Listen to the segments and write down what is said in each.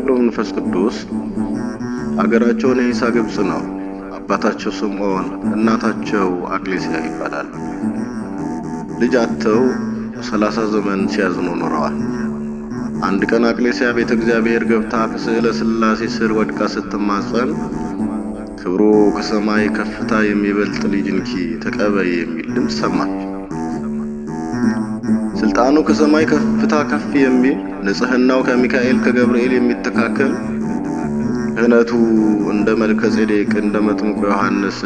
ገብረ መንፈስ ቅዱስ አገራቸውን የይሳ ግብጽ ነው። አባታቸው ስምዖን፣ እናታቸው አግሌሲያ ይባላል። ልጅ አጥተው ሰላሳ ዘመን ሲያዝኑ ኖረዋል። አንድ ቀን አቅሌሲያ ቤተ እግዚአብሔር ገብታ ከስዕለ ስላሴ ስር ወድቃ ስትማጸን ክብሩ ከሰማይ ከፍታ የሚበልጥ ልጅ ተቀበይ የሚል ድምፅ ሰማች። ስልጣኑ ከሰማይ ከፍታ ከፍ የሚል ንጽህናው ከሚካኤል ከገብርኤል የሚተካከል እህነቱ እንደ መልከ ጼዴቅ እንደ መጥምቁ ዮሐንስ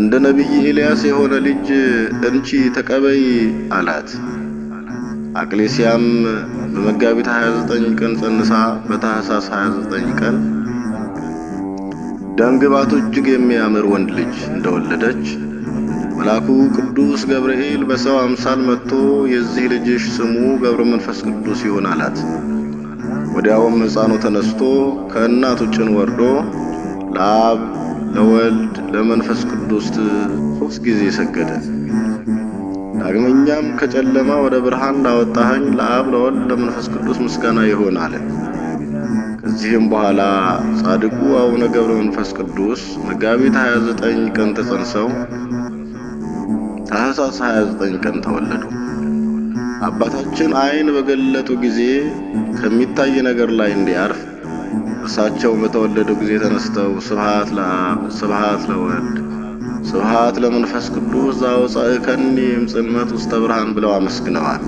እንደ ነቢይ ኤልያስ የሆነ ልጅ እንቺ ተቀበይ አላት። አቅሌሲያም በመጋቢት 29 ቀን ጸንሳ በታሳስ 29 ቀን ደምግባቱ እጅግ የሚያምር ወንድ ልጅ እንደወለደች መልአኩ ቅዱስ ገብርኤል በሰው አምሳል መጥቶ የዚህ ልጅሽ ስሙ ገብረ መንፈስ ቅዱስ ይሁን አላት። ወዲያውም ሕፃኑ ተነስቶ ከእናቱ ጭን ወርዶ ለአብ ለወልድ ለመንፈስ ቅዱስ ሦስት ጊዜ ሰገደ። ዳግመኛም ከጨለማ ወደ ብርሃን ላወጣኸኝ ለአብ ለወልድ ለመንፈስ ቅዱስ ምስጋና ይሁን አለ። ከዚህም በኋላ ጻድቁ አቡነ ገብረ መንፈስ ቅዱስ መጋቢት 29 ቀን ተጸንሰው ታኅሳስ 29 ቀን ተወለዱ። አባታችን ዓይን በገለጡ ጊዜ ከሚታይ ነገር ላይ እንዲያርፍ እርሳቸው በተወለዱ ጊዜ ተነስተው ስብሃት ለአብ ስብሃት ለወልድ ስብሃት ለመንፈስ ቅዱስ ዘአውጻእከኒ እምጽልመት ውስተ ብርሃን ብለው አመስግነዋል።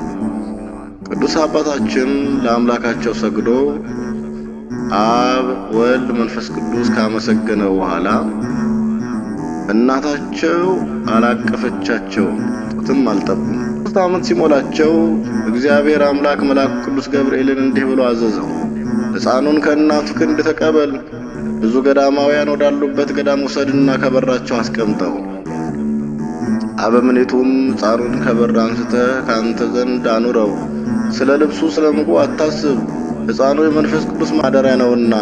ቅዱስ አባታችን ለአምላካቸው ሰግዶ አብ ወልድ መንፈስ ቅዱስ ካመሰገነው በኋላ እናታቸው አላቀፈቻቸውም፣ ጡትም አልጠቡም። ሶስት ዓመት ሲሞላቸው እግዚአብሔር አምላክ መልአክ ቅዱስ ገብርኤልን እንዲህ ብሎ አዘዘው፣ ሕፃኑን ከእናቱ ክንድ ተቀበል፣ ብዙ ገዳማውያን ወዳሉበት ገዳም ውሰድና ከበራቸው አስቀምጠው። አበምኔቱም ሕፃኑን ከበር አንስተህ ከአንተ ዘንድ አኑረው፣ ስለ ልብሱ ስለ ምግቡ አታስብ፣ ሕፃኑ የመንፈስ ቅዱስ ማደሪያ ነውና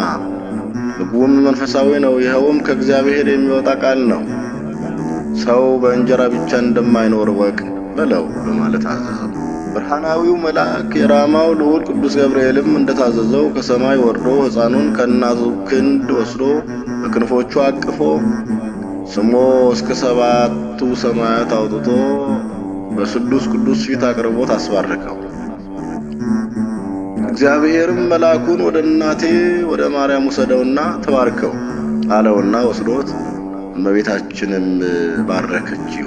ልቡም መንፈሳዊ ነው፣ ይኸውም ከእግዚአብሔር የሚወጣ ቃል ነው። ሰው በእንጀራ ብቻ እንደማይኖር ወቅ በለው በማለት አዘዘው። ብርሃናዊው መልአክ የራማው ልዑል ቅዱስ ገብርኤልም እንደታዘዘው ከሰማይ ወርዶ ሕፃኑን ከእናቱ ክንድ ወስዶ በክንፎቹ አቅፎ ስሞ እስከ ሰባቱ ሰማያት አውጥቶ በስዱስ ቅዱስ ፊት አቅርቦት አስባረከው። እግዚአብሔርም መልአኩን ወደ እናቴ ወደ ማርያም ውሰደውና ተባርከው አለውና ወስዶት እመቤታችንም ባረከችው።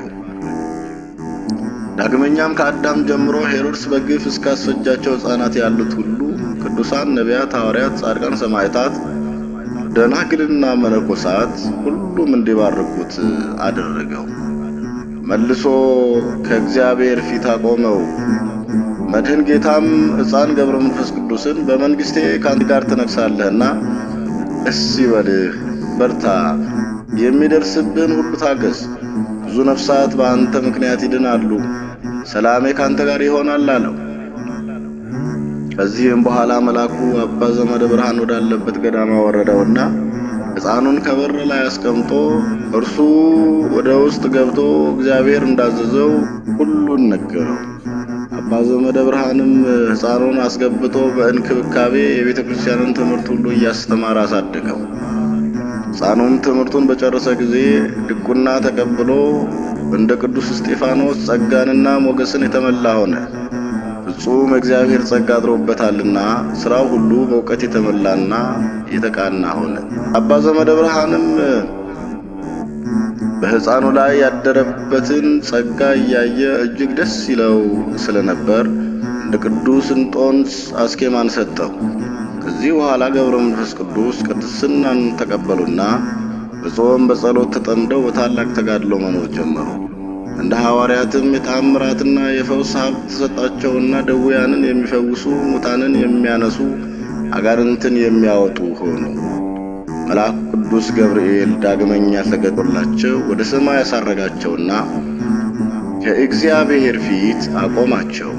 ዳግመኛም ከአዳም ጀምሮ ሄሮድስ በግፍ እስካስፈጃቸው ሕፃናት ያሉት ሁሉ ቅዱሳን ነቢያት፣ ሐዋርያት፣ ጻድቃን፣ ሰማዕታት፣ ደናግልና መነኮሳት ሁሉም እንዲባርኩት አደረገው። መልሶ ከእግዚአብሔር ፊት አቆመው። መድህን ጌታም ሕፃን ገብረ መንፈስ ቅዱስን በመንግሥቴ ከአንተ ጋር ትነግሳለህና እስ ይበልህ፣ በርታ፣ የሚደርስብን ሁሉ ታገስ፣ ብዙ ነፍሳት በአንተ ምክንያት ይድናሉ፣ ሰላሜ ከአንተ ጋር ይሆናል አለው። ከዚህም በኋላ መልአኩ አባ ዘመደ ብርሃን ወዳለበት ገዳማ ወረደውና ሕፃኑን ከበር ላይ አስቀምጦ እርሱ ወደ ውስጥ ገብቶ እግዚአብሔር እንዳዘዘው ሁሉን ነገረው። ማዘመደ ብርሃንም ሕፃኑን አስገብቶ በእንክብካቤ የቤተ ክርስቲያንን ትምህርት ሁሉ እያስተማረ አሳደገው። ሕፃኑም ትምህርቱን በጨረሰ ጊዜ ድቁና ተቀብሎ እንደ ቅዱስ እስጢፋኖስ ጸጋንና ሞገስን የተመላ ሆነ። ፍጹም እግዚአብሔር ጸጋ አድሮበታልና ሥራው ሁሉ በእውቀት የተመላና የተቃና ሆነ። አባ ዘመደ ብርሃንም በሕፃኑ ላይ ያደረበትን ጸጋ እያየ እጅግ ደስ ይለው ስለነበር እንደ ቅዱስ እንጦንስ አስኬማን ሰጠው። ከዚህ በኋላ ገብረ መንፈስ ቅዱስ ቅድስናን ተቀበሉና በጾም በጸሎት ተጠምደው በታላቅ ተጋድሎ መኖር ጀመሩ። እንደ ሐዋርያትም የታምራትና የፈውስ ሀብት ተሰጣቸውና ደዌያንን የሚፈውሱ፣ ሙታንን የሚያነሱ፣ አጋንንትን የሚያወጡ ሆኑ። መልአኩ ቅዱስ ገብርኤል ዳግመኛ ሰገዶላቸው ወደ ሰማይ ያሳረጋቸውና ከእግዚአብሔር ፊት አቆማቸው።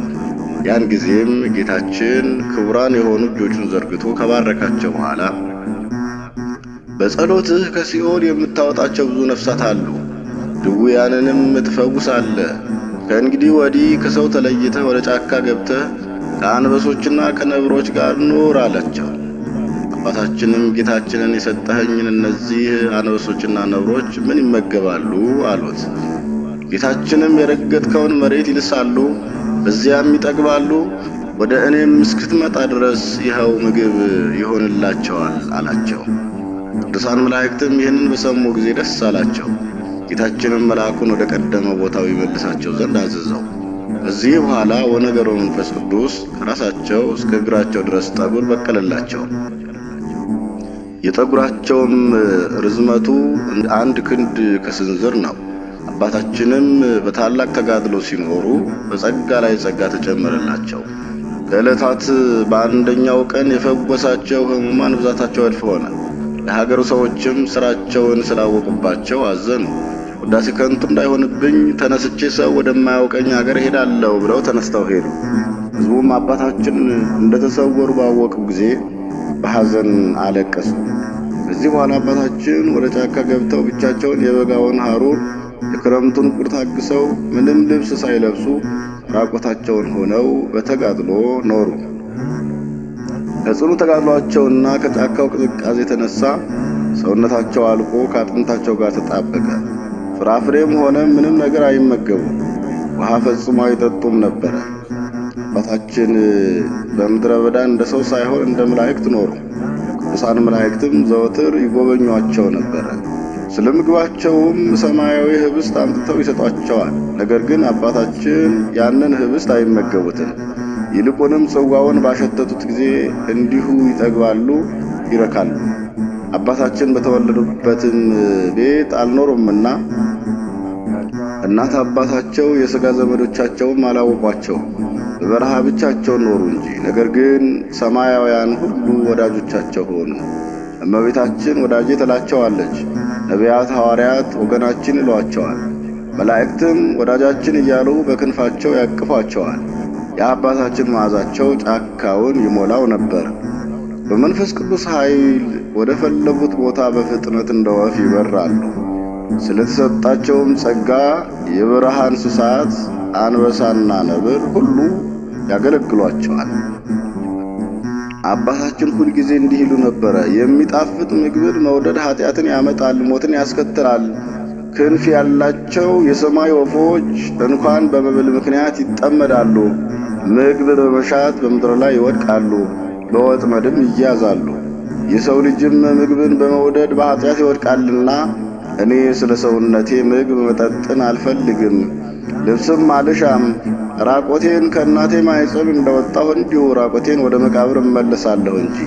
ያን ጊዜም ጌታችን ክቡራን የሆኑ እጆቹን ዘርግቶ ከባረካቸው በኋላ በጸሎትህ ከሲኦል የምታወጣቸው ብዙ ነፍሳት አሉ፣ ድውያንንም አለ። ከእንግዲህ ወዲህ ከሰው ተለይተህ ወደ ጫካ ገብተህ ከአንበሶችና ከነብሮች ጋር ኖር አላቸው። አባታችንም ጌታችንን የሰጠኸኝን እነዚህ አነበሶችና ነብሮች ምን ይመገባሉ አሉት። ጌታችንም የረገጥከውን መሬት ይልሳሉ፣ በዚያም ይጠግባሉ፣ ወደ እኔም እስክትመጣ ድረስ ይኸው ምግብ ይሆንላቸዋል አላቸው። ቅዱሳን መላእክትም ይህንን በሰሙ ጊዜ ደስ አላቸው። ጌታችንም መልአኩን ወደ ቀደመ ቦታው ይመልሳቸው ዘንድ አዘዘው። ከዚህ በኋላ ወነገሮ መንፈስ ቅዱስ ከራሳቸው እስከ እግራቸው ድረስ ጠጉር በቀለላቸው። የጠጉራቸውም ርዝመቱ አንድ ክንድ ከስንዝር ነው። አባታችንም በታላቅ ተጋድሎ ሲኖሩ በጸጋ ላይ ጸጋ ተጨመረላቸው። ከዕለታት በአንደኛው ቀን የፈወሳቸው ሕሙማን ብዛታቸው እልፍ ሆነ። ለሀገሩ ሰዎችም ሥራቸውን ስላወቁባቸው አዘኑ። ውዳሴ ከንቱ እንዳይሆንብኝ ተነስቼ ሰው ወደማያውቀኝ ሀገር ሄዳለው ብለው ተነስተው ሄዱ። ሕዝቡም አባታችን እንደተሰወሩ ባወቁ ጊዜ በሐዘን አለቀሱ። ከዚህ በኋላ አባታችን ወደ ጫካ ገብተው ብቻቸውን የበጋውን ሐሩር የክረምቱን ቁር ታግሰው ምንም ልብስ ሳይለብሱ ራቆታቸውን ሆነው በተጋድሎ ኖሩ። ከጽኑ ተጋድሏቸውና ከጫካው ቅዝቃዜ የተነሳ ሰውነታቸው አልቆ ከአጥንታቸው ጋር ተጣበቀ። ፍራፍሬም ሆነ ምንም ነገር አይመገቡም። ውሃ ፈጽሞ አይጠጡም ነበረ። አባታችን በምድረ በዳ እንደ ሰው ሳይሆን እንደ መላእክት ኖሩ። ቅዱሳን መላእክትም ዘወትር ይጎበኟቸው ነበረ። ስለ ምግባቸውም ሰማያዊ ህብስት አምጥተው ይሰጧቸዋል። ነገር ግን አባታችን ያንን ህብስት አይመገቡትም። ይልቁንም ጽዋውን ባሸተቱት ጊዜ እንዲሁ ይጠግባሉ፣ ይረካሉ። አባታችን በተወለዱበትም ቤት አልኖሩምና እናት አባታቸው የሥጋ ዘመዶቻቸውም አላወቋቸውም። በበረሃ ብቻቸውን ኖሩ እንጂ፣ ነገር ግን ሰማያውያን ሁሉ ወዳጆቻቸው ሆኑ። እመቤታችን ወዳጄ ትላቸዋለች። ነቢያት፣ ሐዋርያት ወገናችን ይሏቸዋል። መላእክትም ወዳጃችን እያሉ በክንፋቸው ያቅፏቸዋል። የአባታችን መዓዛቸው ጫካውን ይሞላው ነበር። በመንፈስ ቅዱስ ኃይል ወደ ፈለጉት ቦታ በፍጥነት እንደ ወፍ ይበራሉ። ስለተሰጣቸውም ጸጋ የበረሃ እንስሳት፣ አንበሳና ነብር ሁሉ ያገለግሏቸዋል። አባታችን ሁልጊዜ እንዲህ ይሉ ነበረ፣ የሚጣፍጥ ምግብን መውደድ ኃጢአትን ያመጣል፣ ሞትን ያስከትላል። ክንፍ ያላቸው የሰማይ ወፎች እንኳን በመብል ምክንያት ይጠመዳሉ። ምግብ በመሻት በምድር ላይ ይወድቃሉ፣ በወጥመድም ይያዛሉ። የሰው ልጅም ምግብን በመውደድ በኃጢአት ይወድቃልና እኔ ስለ ሰውነቴ ምግብ መጠጥን አልፈልግም፣ ልብስም አልሻም ራቆቴን ከእናቴ ማኅፀን እንደወጣሁ እንዲሁ ራቆቴን ወደ መቃብር እመለሳለሁ እንጂ።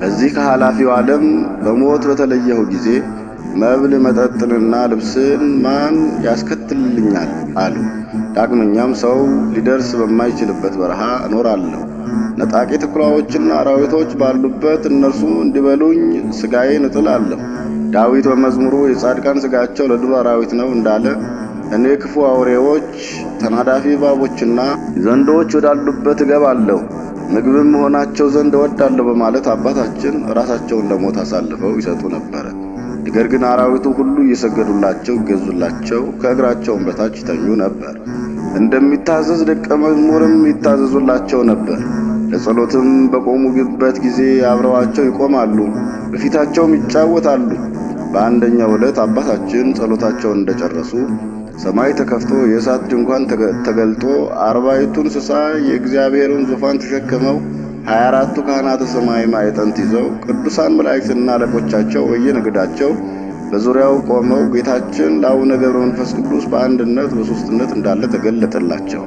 ከዚህ ከኃላፊው ዓለም በሞት በተለየሁ ጊዜ መብል መጠጥንና ልብስን ማን ያስከትልልኛል አሉ። ዳግመኛም ሰው ሊደርስ በማይችልበት በረሃ እኖራለሁ። ነጣቂ ትኩላዎችና አራዊቶች ባሉበት እነርሱ እንዲበሉኝ ስጋዬን እጥላለሁ። ዳዊት በመዝሙሩ የጻድቃን ስጋቸው ለዱር አራዊት ነው እንዳለ እኔ ክፉ አውሬዎች፣ ተናዳፊ እባቦችና ዘንዶዎች ወዳሉበት እገባለሁ ምግብም መሆናቸው ዘንድ እወዳለሁ በማለት አባታችን ራሳቸውን ለሞት አሳልፈው ይሰጡ ነበር። ነገር ግን አራዊቱ ሁሉ እየሰገዱላቸው ይገዙላቸው፣ ከእግራቸውን በታች ይተኙ ነበር። እንደሚታዘዝ ደቀ መዝሙርም ይታዘዙላቸው ነበር። ለጸሎትም በቆሙበት ጊዜ አብረዋቸው ይቆማሉ፣ በፊታቸውም ይጫወታሉ። በአንደኛው ዕለት አባታችን ጸሎታቸውን እንደጨረሱ ሰማይ ተከፍቶ የእሳት ድንኳን ተገልጦ አርባይቱ እንስሳ የእግዚአብሔርን ዙፋን ተሸክመው ሀያ አራቱ ካህናተ ሰማይ ማዕጠንት ይዘው ቅዱሳን መላእክትና አለቆቻቸው በየንግዳቸው በዙሪያው ቆመው ጌታችን ለአቡነ ገብረ መንፈስ ቅዱስ በአንድነት በሶስትነት እንዳለ ተገለጠላቸው።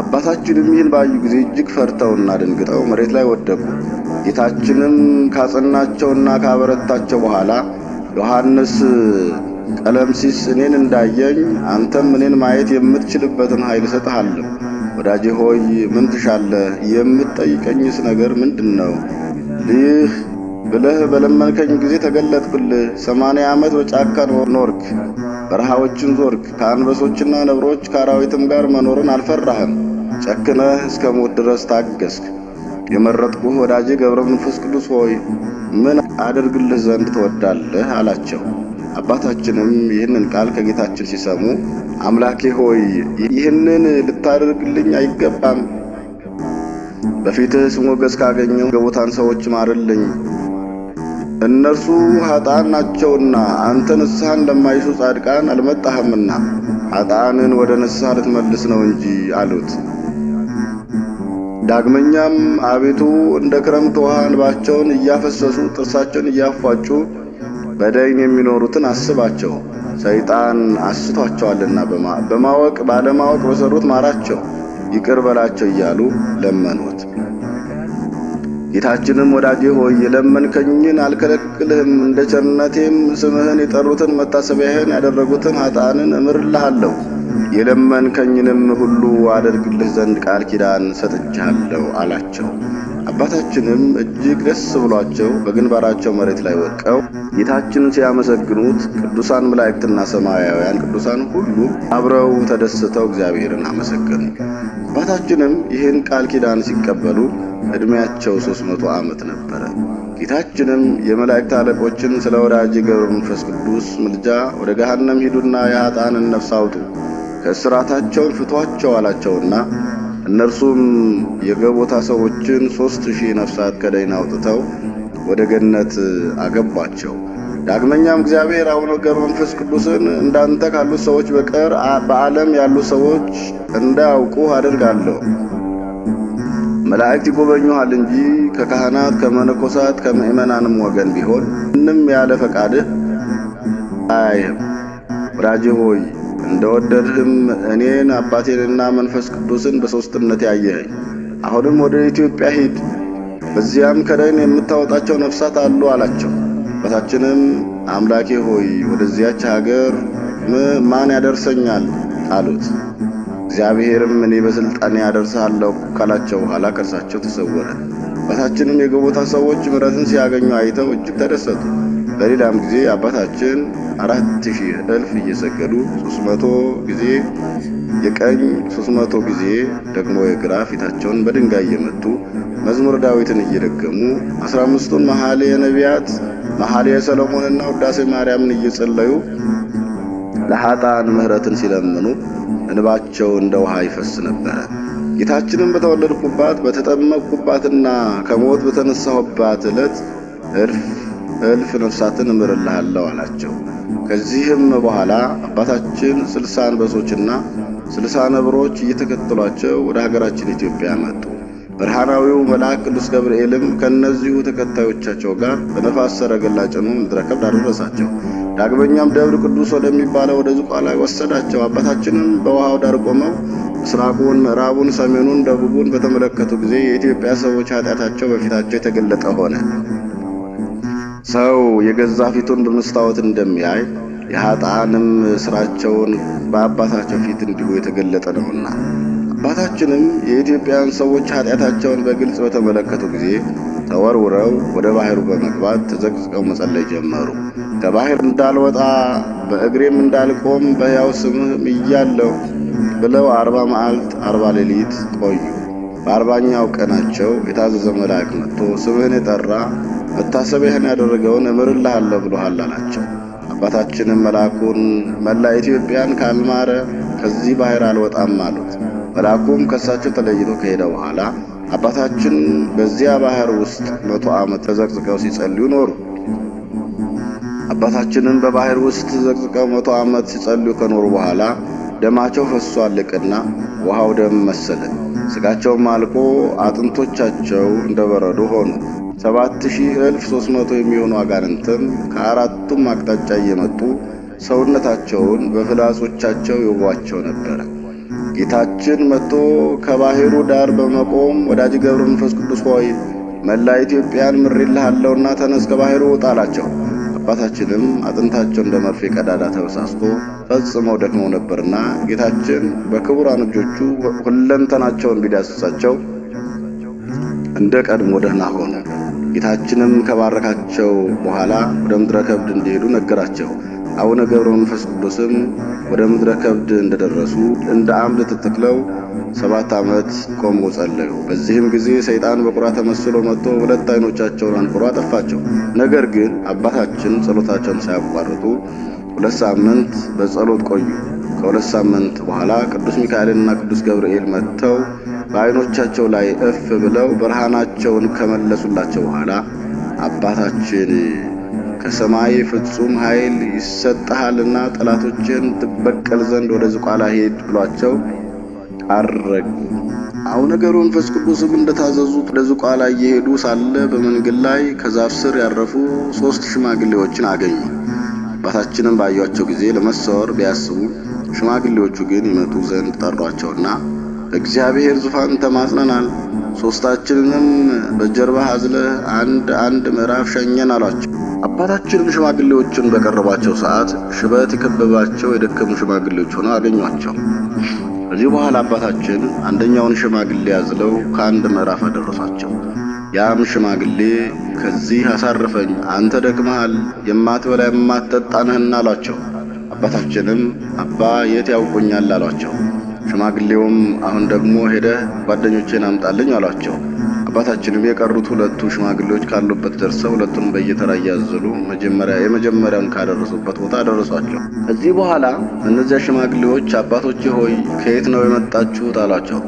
አባታችንም ይህን ባዩ ጊዜ እጅግ ፈርተውና ደንግጠው መሬት ላይ ወደቁ። ጌታችንም ካጸናቸውና ካበረታቸው በኋላ ዮሐንስ ቀለም ሲስ እኔን እንዳየኝ አንተም እኔን ማየት የምትችልበትን ኃይል እሰጥሃለሁ። ወዳጄ ሆይ ምን ትሻለህ? የምትጠይቀኝስ ነገር ምንድን ነው? ልህ ብለህ በለመንከኝ ጊዜ ተገለጥኩልህ። ሰማንያ ዓመት በጫካ ኖርክ፣ በረሃዎችን ዞርክ። ከአንበሶችና ነብሮች ከአራዊትም ጋር መኖርን አልፈራህም። ጨክነህ እስከ ሞት ድረስ ታገስክ። የመረጥኩህ ወዳጄ ገብረ መንፈስ ቅዱስ ሆይ ምን አድርግልህ ዘንድ ትወዳለህ? አላቸው። አባታችንም ይህንን ቃል ከጌታችን ሲሰሙ አምላኬ ሆይ ይህንን ልታደርግልኝ አይገባም፣ በፊትህ ሞገስ ካገኘው ገቦታን ሰዎች ማርልኝ፣ እነርሱ ኃጣን ናቸውና አንተ ንስሐ እንደማይሹ ጻድቃን አልመጣህምና ኃጣንን ወደ ንስሐ ልትመልስ ነው እንጂ አሉት። ዳግመኛም አቤቱ እንደ ክረምት ውሃ እንባቸውን እያፈሰሱ ጥርሳቸውን እያፏጩ በደይን የሚኖሩትን አስባቸው፣ ሰይጣን አስቷቸዋልና በማወቅ ባለማወቅ በሰሩት ማራቸው፣ ይቅር በላቸው እያሉ ለመኑት። ጌታችንም ወዳጄ ሆይ የለመንከኝን አልከለክልህም፣ እንደ ቸርነቴም ስምህን የጠሩትን መታሰቢያህን ያደረጉትን አጣንን እምርልሃለሁ የለመንከኝንም ሁሉ አደርግልህ ዘንድ ቃል ኪዳን ሰጥቻለሁ አላቸው። አባታችንም እጅግ ደስ ብሏቸው በግንባራቸው መሬት ላይ ወድቀው ጌታችንን ሲያመሰግኑት ቅዱሳን መላእክትና ሰማያውያን ቅዱሳን ሁሉ አብረው ተደስተው እግዚአብሔርን አመሰገኑ። አባታችንም ይህን ቃል ኪዳን ሲቀበሉ ዕድሜያቸው ሦስት መቶ ዓመት ነበረ። ጌታችንም የመላእክት አለቆችን ስለ ወዳጅ ገብረ መንፈስ ቅዱስ ምልጃ ወደ ገሃነም ሂዱና የኃጥአንን ነፍስ አውጡ ከእስራታቸውን ፍቷቸው አላቸውና እነርሱም የገቦታ ሰዎችን ሦስት ሺህ ነፍሳት ከደይን አውጥተው ወደ ገነት አገቧቸው። ዳግመኛም እግዚአብሔር አቡነ ገብረ መንፈስ ቅዱስን እንዳንተ ካሉት ሰዎች በቀር በዓለም ያሉ ሰዎች እንዳያውቁ አድርጋለሁ። መላእክት ይጎበኙሃል እንጂ ከካህናት ከመነኮሳት ከምእመናንም ወገን ቢሆን ምንም ያለ ፈቃድህ አያይህም። ወዳጄ ሆይ እንደወደድህም እኔን አባቴንና መንፈስ ቅዱስን በሦስትነት ያየኸኝ። አሁንም ወደ ኢትዮጵያ ሂድ፣ በዚያም ከደን የምታወጣቸው ነፍሳት አሉ አላቸው። አባታችንም አምላኬ ሆይ ወደዚያች ሀገር ማን ያደርሰኛል አሉት። እግዚአብሔርም እኔ በሥልጣኔ ያደርሳለሁ ካላቸው በኋላ ከእርሳቸው ተሰወረ። አባታችንም የገቦታ ሰዎች ምረትን ሲያገኙ አይተው እጅግ ተደሰቱ። በሌላም ጊዜ አባታችን አራት ሺህ እልፍ እየሰገዱ ሶስት መቶ ጊዜ የቀኝ ሶስት መቶ ጊዜ ደግሞ የግራ ፊታቸውን በድንጋይ እየመቱ መዝሙር ዳዊትን እየደገሙ አስራ አምስቱን መሐሌ የነቢያት መሐሌ የሰለሞንና ውዳሴ ማርያምን እየጸለዩ ለሀጣን ምሕረትን ሲለምኑ እንባቸው እንደ ውሃ ይፈስ ነበረ። ጌታችንም በተወለድኩባት በተጠመቅኩባትና ከሞት በተነሳሁባት ዕለት እልፍ እልፍ ነፍሳትን እምርልሃለሁ አላቸው። ከዚህም በኋላ አባታችን ስልሳ አንበሶችና ስልሳ ነብሮች እየተከተሏቸው ወደ ሀገራችን ኢትዮጵያ መጡ። ብርሃናዊው መልአክ ቅዱስ ገብርኤልም ከእነዚሁ ተከታዮቻቸው ጋር በነፋስ ሰረገላ ጭኖ ምድረ ከብድ አደረሳቸው። ዳግመኛም ደብር ቅዱስ ወደሚባለው ወደ ዝቋላ ወሰዳቸው። አባታችንም በውሃው ዳር ቆመው ምስራቁን፣ ምዕራቡን፣ ሰሜኑን፣ ደቡቡን በተመለከቱ ጊዜ የኢትዮጵያ ሰዎች ኃጢአታቸው በፊታቸው የተገለጠ ሆነ። ሰው የገዛ ፊቱን በመስታወት እንደሚያይ የኃጥአንም ሥራቸውን በአባታቸው ፊት እንዲሁ የተገለጠ ነውና። አባታችንም የኢትዮጵያን ሰዎች ኃጢአታቸውን በግልጽ በተመለከቱ ጊዜ ተወርውረው ወደ ባሕሩ በመግባት ተዘቅዝቀው መጸለይ ጀመሩ። ከባሕር እንዳልወጣ በእግሬም እንዳልቆም በሕያው ስምህ ምያለሁ ብለው አርባ መዓልት አርባ ሌሊት ቆዩ። በአርባኛው ቀናቸው የታዘዘ መልአክ መጥቶ ስምህን የጠራ መታሰቢያህን ያደረገውን እምርልሃለሁ ብሎሃል አላቸው። አባታችንም መልአኩን መላ ኢትዮጵያን ካልማረ ከዚህ ባህር አልወጣም አሉት። መልአኩም ከእሳቸው ተለይቶ ከሄደ በኋላ አባታችን በዚያ ባህር ውስጥ መቶ ዓመት ተዘቅዝቀው ሲጸልዩ ኖሩ። አባታችንም በባህር ውስጥ ተዘቅዝቀው መቶ ዓመት ሲጸልዩ ከኖሩ በኋላ ደማቸው ፈሶ አለቀና ውሃው ደም መሰለ። ስጋቸውም አልቆ አጥንቶቻቸው እንደ ሆኑ። ሰባት ሺህ እልፍ መቶ የሚሆኑ አጋንንትም ከአራቱም አቅጣጫ እየመጡ ሰውነታቸውን በፍላጾቻቸው ይዋቸው ነበረ። ጌታችን መጥቶ ከባሕሩ ዳር በመቆም ወዳጅ ገብረ መንፈስ ቅዱስ ሆይ መላ ኢትዮጵያን ምሬልሃለሁና ተነስ ከባሕሩ ውጣ አላቸው። አባታችንም አጥንታቸው እንደ መርፌ ቀዳዳ ተበሳስቶ ፈጽመው ደክመው ነበርና ጌታችን በክቡራን እጆቹ ሁለንተናቸውን ቢዳስሳቸው እንደ ቀድሞ ደህና ሆነ። ጌታችንም ከባረካቸው በኋላ ወደ ምድረ ከብድ እንዲሄዱ ነገራቸው። አቡነ ገብረ መንፈስ ቅዱስም ወደ ምድረ ከብድ እንደደረሱ እንደ አምድ ተተክለው ሰባት ዓመት ቆመው ጸለዩ። በዚህም ጊዜ ሰይጣን በቁራ ተመስሎ መጥቶ ሁለት ዓይኖቻቸውን አንቁሮ አጠፋቸው። ነገር ግን አባታችን ጸሎታቸውን ሳያቋርጡ ሁለት ሳምንት በጸሎት ቆዩ። ከሁለት ሳምንት በኋላ ቅዱስ ሚካኤልና ቅዱስ ገብርኤል መጥተው በዓይኖቻቸው ላይ እፍ ብለው ብርሃናቸውን ከመለሱላቸው በኋላ አባታችን ከሰማይ ፍጹም ኃይል ይሰጠሃልና ጠላቶችን ትበቀል ዘንድ ወደ ዝቋላ ሄድ ብሏቸው አረጉ። አቡነ ነገሩ መንፈስ ቅዱስም እንደታዘዙት ወደ ዝቋላ እየሄዱ ሳለ በመንገድ ላይ ከዛፍ ስር ያረፉ ሶስት ሽማግሌዎችን አገኙ። አባታችንም ባዩቸው ጊዜ ለመሰወር ቢያስቡ ሽማግሌዎቹ ግን ይመጡ ዘንድ ጠሯቸውና እግዚአብሔር ዙፋን ተማጽነናል፣ ሦስታችንንም በጀርባ አዝለህ አንድ አንድ ምዕራፍ ሸኘን አሏቸው። አባታችንም ሽማግሌዎቹን በቀረባቸው ሰዓት ሽበት የከበባቸው የደከሙ ሽማግሌዎች ሆነው አገኟቸው። ከዚህ በኋላ አባታችን አንደኛውን ሽማግሌ አዝለው ከአንድ ምዕራፍ አደረሷቸው። ያም ሽማግሌ ከዚህ አሳርፈኝ፣ አንተ ደክመሃል፣ የማትበላ የማትጠጣ ነህና አሏቸው። አባታችንም አባ የት ያውቁኛል አሏቸው። ሽማግሌውም አሁን ደግሞ ሄደ ጓደኞቼን አምጣልኝ አሏቸው። አባታችንም የቀሩት ሁለቱ ሽማግሌዎች ካሉበት ደርሰው ሁለቱን በየተራ እያዘሉ መጀመሪያ የመጀመሪያውን ካደረሱበት ቦታ አደረሷቸው። ከዚህ በኋላ እነዚያ ሽማግሌዎች አባቶቼ ሆይ ከየት ነው የመጣችሁት አሏቸው።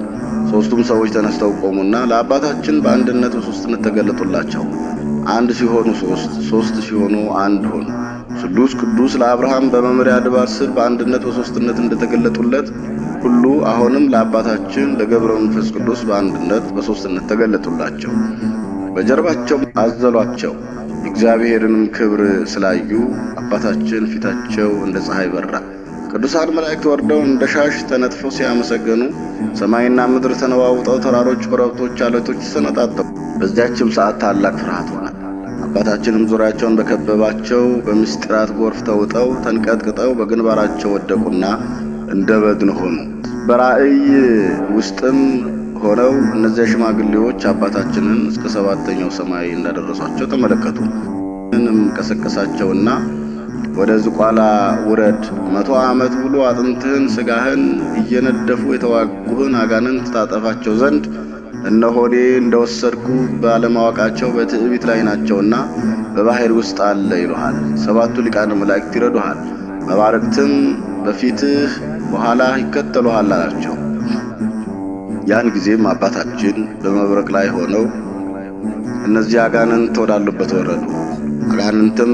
ሦስቱም ሰዎች ተነስተው ቆሙና ለአባታችን በአንድነት በሦስትነት ተገለጡላቸው። አንድ ሲሆኑ ሦስት፣ ሦስት ሲሆኑ አንድ ሆኑ። ስሉስ ቅዱስ ለአብርሃም በመምሪያ ድባር ስር በአንድነት በሦስትነት እንደተገለጡለት ሁሉ አሁንም ለአባታችን ለገብረ መንፈስ ቅዱስ በአንድነት በሦስትነት ተገለጡላቸው። በጀርባቸው አዘሏቸው። የእግዚአብሔርንም ክብር ስላዩ አባታችን ፊታቸው እንደ ፀሐይ በራ። ቅዱሳን መላእክት ወርደው እንደ ሻሽ ተነጥፈው ሲያመሰገኑ ሰማይና ምድር ተነዋውጠው ተራሮች፣ ኮረብቶች፣ አለቶች ተነጣጠቁ። በዚያችም ሰዓት ታላቅ ፍርሃት ሆነ። አባታችንም ዙሪያቸውን በከበባቸው በምስጢራት ጎርፍ ተውጠው ተንቀጥቅጠው በግንባራቸው ወደቁና እንደ በድን ሆኑ። በራእይ ውስጥም ሆነው እነዚያ ሽማግሌዎች አባታችንን እስከ ሰባተኛው ሰማይ እንዳደረሷቸው ተመለከቱ። ምንም ቀሰቀሳቸውና ወደ ዝቋላ ውረድ፣ መቶ ዓመት ብሎ አጥንትህን ስጋህን እየነደፉ የተዋጉህን አጋንንት ታጠፋቸው ዘንድ እነሆ እኔ እንደወሰድኩ ባለማወቃቸው በትዕቢት ላይ ናቸውና በባህር ውስጥ አለ ይሉሃል። ሰባቱ ሊቃነ መላእክት ይረዱሃል። መባረቅትም በፊትህ በኋላ ይከተሉሃል አላቸው። ያን ጊዜም አባታችን በመብረቅ ላይ ሆነው እነዚህ አጋንንት ወዳሉበት ወረዱ። አጋንንትም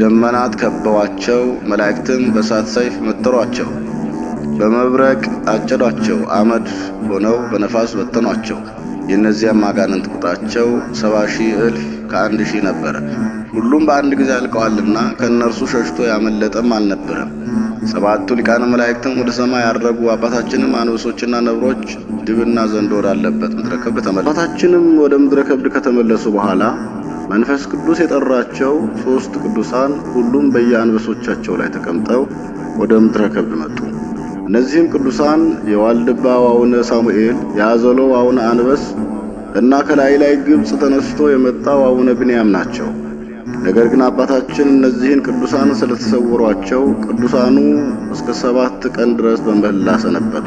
ደመናት ከበዋቸው፣ መላእክትም በእሳት ሰይፍ መተሯቸው በመብረቅ አጨዷቸው፣ አመድ ሆነው በነፋስ በተኗቸው። የእነዚያም አጋንንት ቁጥራቸው ሰባ ሺህ እልፍ ከአንድ ሺህ ነበረ። ሁሉም በአንድ ጊዜ አልቀዋልና ከእነርሱ ሸሽቶ ያመለጠም አልነበረም። ሰባቱ ሊቃነ መላእክትም ወደ ሰማይ ያረጉ። አባታችንም አንበሶችና ነብሮች፣ ድብና ዘንዶ ወዳለበት ምድረ ከብድ ተመለሱ። አባታችንም ወደ ምድረ ከብድ ከተመለሱ በኋላ መንፈስ ቅዱስ የጠራቸው ሶስት ቅዱሳን ሁሉም በየአንበሶቻቸው ላይ ተቀምጠው ወደ ምድረ ከብድ መጡ። እነዚህም ቅዱሳን የዋልድባው አቡነ ሳሙኤል፣ የአዘሎ አቡነ አንበስ እና ከላይ ላይ ግብፅ ተነስቶ የመጣው አቡነ ብንያም ናቸው። ነገር ግን አባታችን እነዚህን ቅዱሳን ስለተሰወሯቸው ቅዱሳኑ እስከ ሰባት ቀን ድረስ በምህላ ሰነበቱ።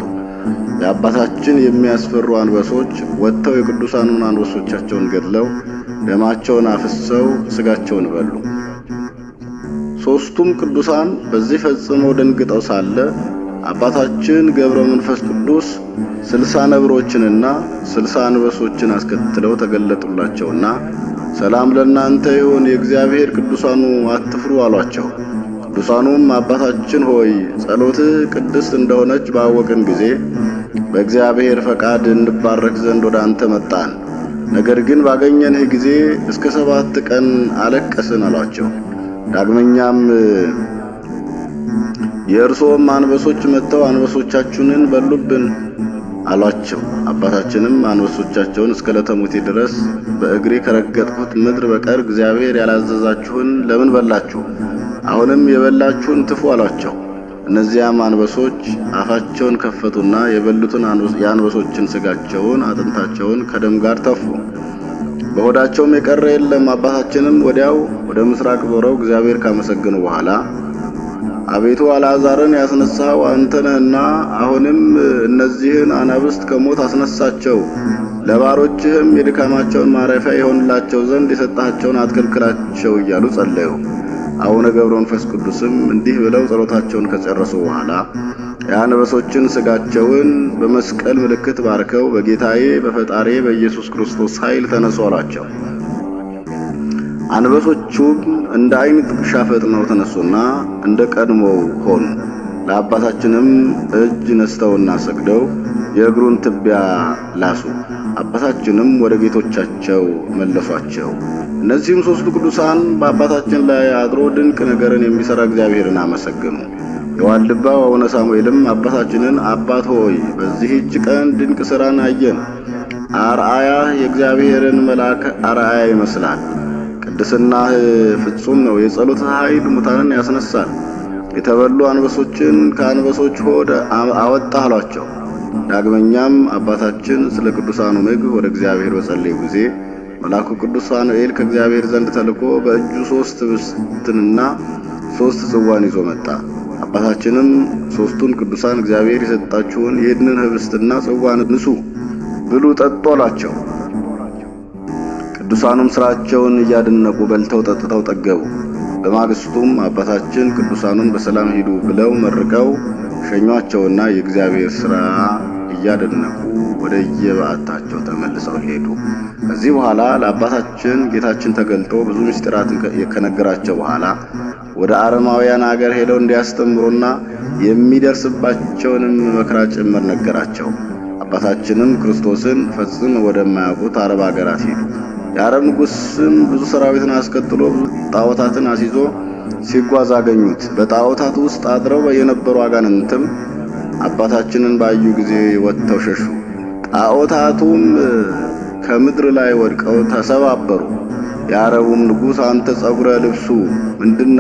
የአባታችን የሚያስፈሩ አንበሶች ወጥተው የቅዱሳኑን አንበሶቻቸውን ገድለው ደማቸውን አፍሰው ስጋቸውን በሉ። ሦስቱም ቅዱሳን በዚህ ፈጽመው ደንግጠው ሳለ አባታችን ገብረ መንፈስ ቅዱስ ስልሳ ነብሮችንና ስልሳ አንበሶችን አስከትለው ተገለጡላቸውና ሰላም ለእናንተ ይሁን፣ የእግዚአብሔር ቅዱሳኑ አትፍሩ አሏቸው። ቅዱሳኑም አባታችን ሆይ ጸሎት ቅድስት እንደሆነች ባወቅን ጊዜ በእግዚአብሔር ፈቃድ እንባረክ ዘንድ ወደ አንተ መጣን። ነገር ግን ባገኘንህ ጊዜ እስከ ሰባት ቀን አለቀስን አሏቸው። ዳግመኛም የእርሶም አንበሶች መጥተው አንበሶቻችንን በሉብን አሏቸው። አባታችንም አንበሶቻቸውን እስከ ለተሞቴ ድረስ በእግሬ ከረገጥኩት ምድር በቀር እግዚአብሔር ያላዘዛችሁን ለምን በላችሁ? አሁንም የበላችሁን ትፉ አሏቸው። እነዚያም አንበሶች አፋቸውን ከፈቱና የበሉትን የአንበሶችን ስጋቸውን፣ አጥንታቸውን ከደም ጋር ተፉ። በሆዳቸውም የቀረ የለም። አባታችንም ወዲያው ወደ ምስራቅ ዞረው እግዚአብሔር ካመሰገኑ በኋላ አቤቱ አልዓዛርን ያስነሳው አንተ ነህና አሁንም እነዚህን አናብስት ከሞት አስነሳቸው፣ ለባሮችህም የድካማቸውን ማረፊያ የሆንላቸው ዘንድ የሰጣቸውን አትከልክላቸው እያሉ ጸለዩ። አቡነ ገብረ መንፈስ ቅዱስም እንዲህ ብለው ጸሎታቸውን ከጨረሱ በኋላ የአንበሶችን ስጋቸውን በመስቀል ምልክት ባርከው በጌታዬ በፈጣሪ በኢየሱስ ክርስቶስ ኃይል ተነሱ አሏቸው። አንበሶቹም እንደ አይን ሻፈጥ ነው ተነሱና እንደ ቀድሞው ሆኑ። ለአባታችንም እጅ ነስተውና ሰግደው የእግሩን ትቢያ ላሱ። አባታችንም ወደ ጌቶቻቸው መለሷቸው። እነዚህም ሦስቱ ቅዱሳን በአባታችን ላይ አድሮ ድንቅ ነገርን የሚሠራ እግዚአብሔርን አመሰገኑ። የዋልድባው አቡነ ሳሙኤልም አባታችንን አባት ሆይ እጅ ቀን ድንቅ ሥራን አየን። አርአያ የእግዚአብሔርን መልአክ አርአያ ይመስላል ቅድስናህ ፍጹም ነው። የጸሎት ኃይል ሙታንን ያስነሳል። የተበሉ አንበሶችን ከአንበሶች ሆድ አወጣህ አሏቸው። ዳግመኛም አባታችን ስለ ቅዱሳኑ ምግብ ወደ እግዚአብሔር በጸለዩ ጊዜ መልአኩ ቅዱስ ፋኑኤል ከእግዚአብሔር ዘንድ ተልኮ በእጁ ሶስት ብስትንና ሶስት ጽዋን ይዞ መጣ። አባታችንም ሶስቱን ቅዱሳን እግዚአብሔር የሰጣችሁን ይህንን ህብስትና ጽዋን ንሱ፣ ብሉ፣ ጠጡ አሏቸው። ቅዱሳኑም ሥራቸውን እያደነቁ በልተው ጠጥተው ጠገቡ። በማግስቱም አባታችን ቅዱሳኑን በሰላም ሂዱ ብለው መርቀው ሸኟቸውና የእግዚአብሔር ሥራ እያደነቁ ወደ የበዓታቸው ተመልሰው ሄዱ። ከዚህ በኋላ ለአባታችን ጌታችን ተገልጦ ብዙ ምስጢራትን ከነገራቸው በኋላ ወደ አረማውያን አገር ሄደው እንዲያስተምሩና የሚደርስባቸውንም መከራ ጭምር ነገራቸው። አባታችንም ክርስቶስን ፈጽም ወደማያውቁት አረብ አገራት ሄዱ። የአረብ ንጉስም ብዙ ሰራዊትን አስከትሎ ብዙ ጣዖታትን አስይዞ ሲጓዝ አገኙት። በጣዖታት ውስጥ አድረው የነበሩ አጋንንትም አባታችንን ባዩ ጊዜ ወጥተው ሸሹ። ጣዖታቱም ከምድር ላይ ወድቀው ተሰባበሩ። የአረቡም ንጉስ አንተ ጸጉረ ልብሱ ምንድነ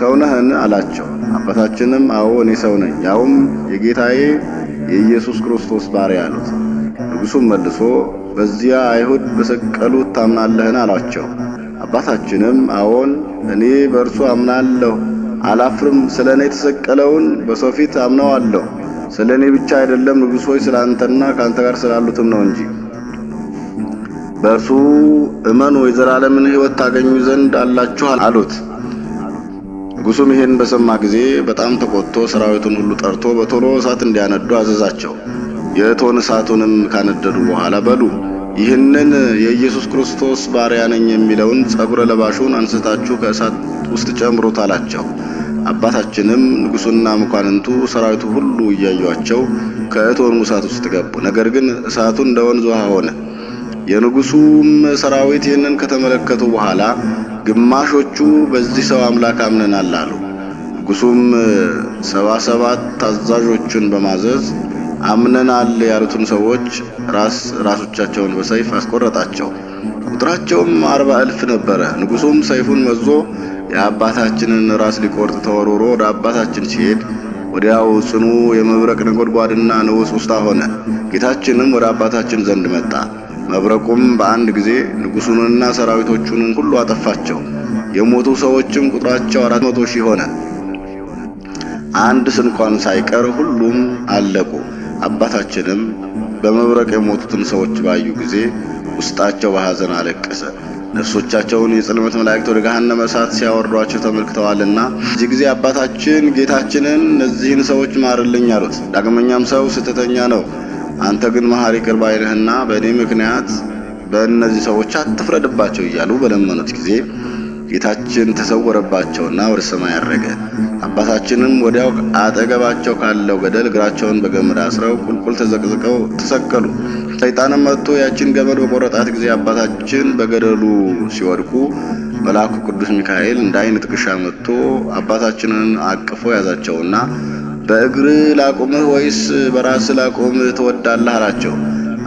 ሰው ነህን? አላቸው። አባታችንም አዎ እኔ ሰው ነኝ፣ ያውም የጌታዬ የኢየሱስ ክርስቶስ ባሪያ አሉት። ንጉሡም መልሶ በዚያ አይሁድ በሰቀሉት ታምናለህን? አሏቸው። አባታችንም አዎን፣ እኔ በእርሱ አምናለሁ፣ አላፍርም። ስለ እኔ የተሰቀለውን በሰው ፊት አምነዋለሁ። ስለ እኔ ብቻ አይደለም ንጉሥ ሆይ፣ ስለ አንተና ከአንተ ጋር ስላሉትም ነው እንጂ በእርሱ እመኑ የዘላለምን ሕይወት ታገኙ ዘንድ አላችሁ አሉት። ንጉሡም ይህን በሰማ ጊዜ በጣም ተቆጥቶ ሰራዊቱን ሁሉ ጠርቶ በቶሎ እሳት እንዲያነዱ አዘዛቸው። የእቶን እሳቱንም ካነደዱ በኋላ በሉ ይህንን የኢየሱስ ክርስቶስ ባሪያ ነኝ የሚለውን ጸጉረ ለባሹን አንስታችሁ ከእሳት ውስጥ ጨምሩት አላቸው። አባታችንም ንጉሡና መኳንንቱ ሰራዊቱ ሁሉ እያዩአቸው ከእቶኑ እሳት ውስጥ ገቡ። ነገር ግን እሳቱ እንደ ወንዝ ውሃ ሆነ። የንጉሡም ሰራዊት ይህንን ከተመለከቱ በኋላ ግማሾቹ በዚህ ሰው አምላክ አምነናል አሉ። ንጉሡም ሰባ ሰባት ታዛዦቹን በማዘዝ አምነናል ያሉትን ሰዎች ራስ ራሶቻቸውን በሰይፍ አስቆረጣቸው። ቁጥራቸውም አርባ እልፍ ነበረ። ንጉሱም ሰይፉን መዞ የአባታችንን ራስ ሊቆርጥ ተወርውሮ ወደ አባታችን ሲሄድ ወዲያው ጽኑ የመብረቅ ነጎድጓድና ንውስ ውስታ ሆነ። ጌታችንም ወደ አባታችን ዘንድ መጣ። መብረቁም በአንድ ጊዜ ንጉሱንና ሰራዊቶቹን ሁሉ አጠፋቸው። የሞቱ ሰዎችም ቁጥራቸው አራት መቶ ሺህ ሆነ። አንድ ስንኳን ሳይቀር ሁሉም አለቁ። አባታችንም በመብረቅ የሞቱትን ሰዎች ባዩ ጊዜ ውስጣቸው በሐዘን አለቀሰ። ነፍሶቻቸውን የጽልመት መላእክት ወደ ገሃነመ እሳት ሲያወርዷቸው ተመልክተዋልና እዚህ ጊዜ አባታችን ጌታችንን እነዚህን ሰዎች ማርልኝ አሉት። ዳግመኛም ሰው ስህተተኛ ነው፣ አንተ ግን መሐሪ ቅር ባይ በእኔ ምክንያት በእነዚህ ሰዎች አትፍረድባቸው እያሉ በለመኑት ጊዜ ጌታችን ተሰወረባቸውና ወደ ሰማይ አረገ። አባታችንም ወዲያው አጠገባቸው ካለው ገደል እግራቸውን በገመድ አስረው ቁልቁል ተዘቅዝቀው ተሰቀሉ። ሰይጣንም መጥቶ ያችን ገመድ በቆረጣት ጊዜ አባታችን በገደሉ ሲወድቁ መልአኩ ቅዱስ ሚካኤል እንደ ዓይን ጥቅሻ መጥቶ አባታችንን አቅፎ ያዛቸውና በእግር ላቁምህ ወይስ በራስ ላቁምህ ትወዳለህ? አላቸው።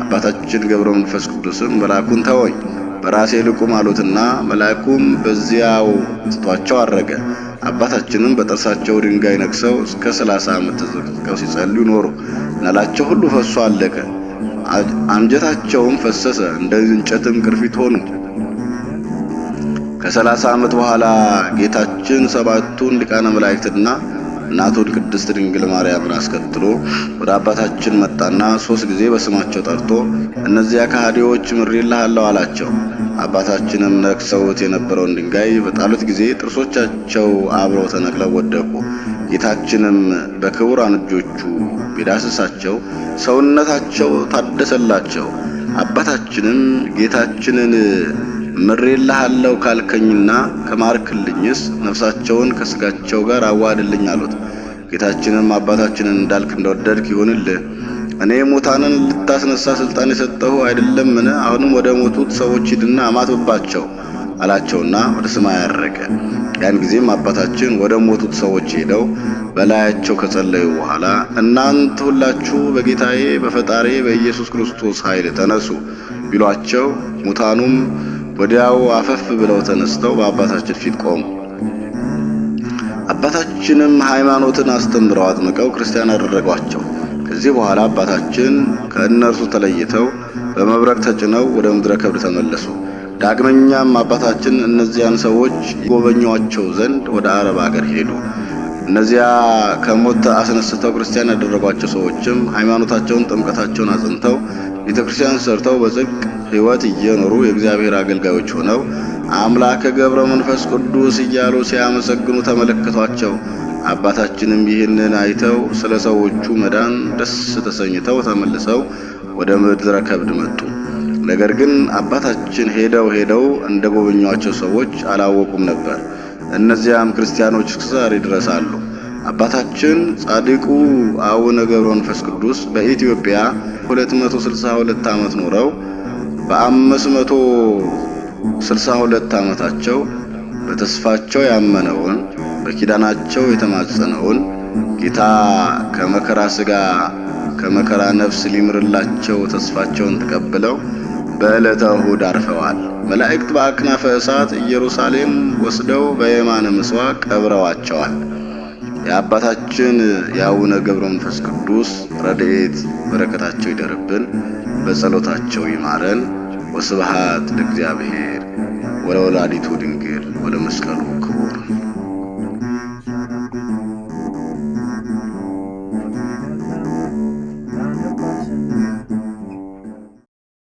አባታችን ገብረ መንፈስ ቅዱስም መልአኩን ተወኝ በራሴ ልቁም አሉትና መልአኩም በዚያው ትቷቸው አረገ። አባታችንም በጥርሳቸው ድንጋይ ነክሰው እስከ 30 ዓመት ተዘቅዝቀው ሲጸልዩ ኖሩ። ነላቸው ሁሉ ፈሶ አለቀ። አንጀታቸውም ፈሰሰ፣ እንደ እንጨትም ቅርፊት ሆኑ። ከ30 ዓመት በኋላ ጌታችን ሰባቱን ሊቃነ መላእክትና እናቱን ቅድስት ድንግል ማርያምን አስከትሎ ወደ አባታችን መጣና ሶስት ጊዜ በስማቸው ጠርቶ እነዚያ ከሃዲዎች ምሬልሃለሁ አላቸው። አባታችንም ነክሰውት የነበረውን ድንጋይ በጣሉት ጊዜ ጥርሶቻቸው አብረው ተነቅለው ወደቁ። ጌታችንም በክቡራን እጆቹ ቢዳስሳቸው ሰውነታቸው ታደሰላቸው። አባታችንም ጌታችንን ምሬልሃለሁ ካልከኝና ከማርክልኝስ ነፍሳቸውን ከስጋቸው ጋር አዋህድልኝ አሉት። ጌታችንም አባታችንን እንዳልክ እንደወደድክ ይሁንልህ። እኔ ሙታንን ልታስነሳ ስልጣን የሰጠሁ አይደለምን? አሁንም ወደ ሞቱት ሰዎች ሂድና አማትብባቸው አላቸውና ወደ ሰማይ አረገ። ያን ጊዜም አባታችን ወደ ሞቱት ሰዎች ሄደው በላያቸው ከጸለዩ በኋላ እናንተ ሁላችሁ በጌታዬ በፈጣሪ በኢየሱስ ክርስቶስ ኃይል ተነሱ ቢሏቸው ሙታኑም ወዲያው አፈፍ ብለው ተነስተው በአባታችን ፊት ቆሙ። አባታችንም ሃይማኖትን አስተምረው አጥምቀው ክርስቲያን አደረጓቸው። ከዚህ በኋላ አባታችን ከእነርሱ ተለይተው በመብረቅ ተጭነው ወደ ምድረ ከብድ ተመለሱ። ዳግመኛም አባታችን እነዚያን ሰዎች ጎበኟቸው ዘንድ ወደ አረብ አገር ሄዱ። እነዚያ ከሞት አስነስተው ክርስቲያን ያደረጓቸው ሰዎችም ሃይማኖታቸውን፣ ጥምቀታቸውን አጽንተው ቤተክርስቲያን ሰርተው በጽድቅ ሕይወት እየኖሩ የእግዚአብሔር አገልጋዮች ሆነው አምላከ ገብረ መንፈስ ቅዱስ እያሉ ሲያመሰግኑ ተመለከቷቸው። አባታችንም ይህንን አይተው ስለ ሰዎቹ መዳን ደስ ተሰኝተው ተመልሰው ወደ ምድረ ከብድ መጡ። ነገር ግን አባታችን ሄደው ሄደው እንደ ጎበኟቸው ሰዎች አላወቁም ነበር። እነዚያም ክርስቲያኖች እስከዛሬ ድረስ አሉ። አባታችን ጻድቁ አቡነ ገብረ መንፈስ ቅዱስ በኢትዮጵያ 262 ዓመት ኖረው በ562 ዓመታቸው በተስፋቸው ያመነውን በኪዳናቸው የተማጸነውን ጌታ ከመከራ ሥጋ ከመከራ ነፍስ ሊምርላቸው ተስፋቸውን ተቀብለው በዕለተ እሁድ አርፈዋል። መላእክት በአክናፈ እሳት ኢየሩሳሌም ወስደው በየማነ ምስዋ ቀብረዋቸዋል። የአባታችን የአቡነ ገብረ መንፈስ ቅዱስ ረድኤት በረከታቸው ይደርብን፣ በጸሎታቸው ይማረን። ወስብሃት ለእግዚአብሔር ወለወላዲቱ ድንግል ወለመስቀሉ